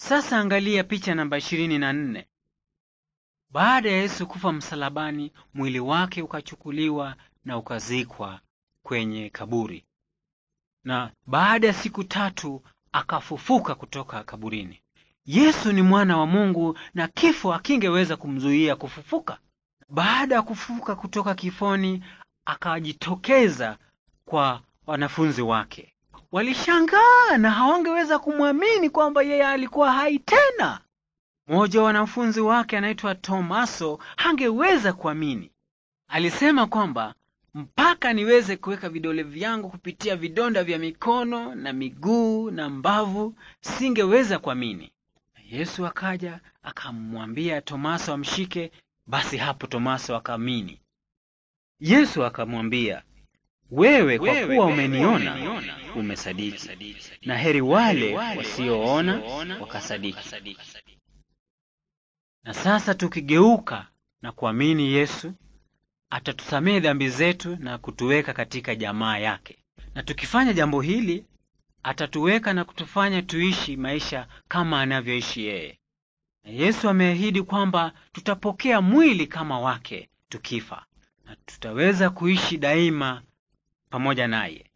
Sasa angalia picha namba ishirini na nne. Baada ya Yesu kufa msalabani, mwili wake ukachukuliwa na ukazikwa kwenye kaburi, na baada ya siku tatu akafufuka kutoka kaburini. Yesu ni mwana wa Mungu na kifo akingeweza kumzuia kufufuka. Baada ya kufufuka kutoka kifoni, akajitokeza kwa wanafunzi wake. Walishangaa na hawangeweza kumwamini kwamba yeye alikuwa hai tena. Mmoja wa wanafunzi wake anaitwa Tomaso hangeweza kuamini. Alisema kwamba mpaka niweze kuweka vidole vyangu kupitia vidonda vya mikono na miguu na mbavu, singeweza kuamini. Yesu akaja akamwambia Tomaso amshike, basi hapo Tomaso akaamini. Yesu akamwambia, wewe kwa kuwa umeniona umesadiki, na heri wale wasioona wakasadiki. Na sasa tukigeuka na kuamini Yesu atatusamehe dhambi zetu na kutuweka katika jamaa yake, na tukifanya jambo hili atatuweka na kutufanya tuishi maisha kama anavyoishi yeye. Na Yesu ameahidi kwamba tutapokea mwili kama wake tukifa, na tutaweza kuishi daima pamoja naye.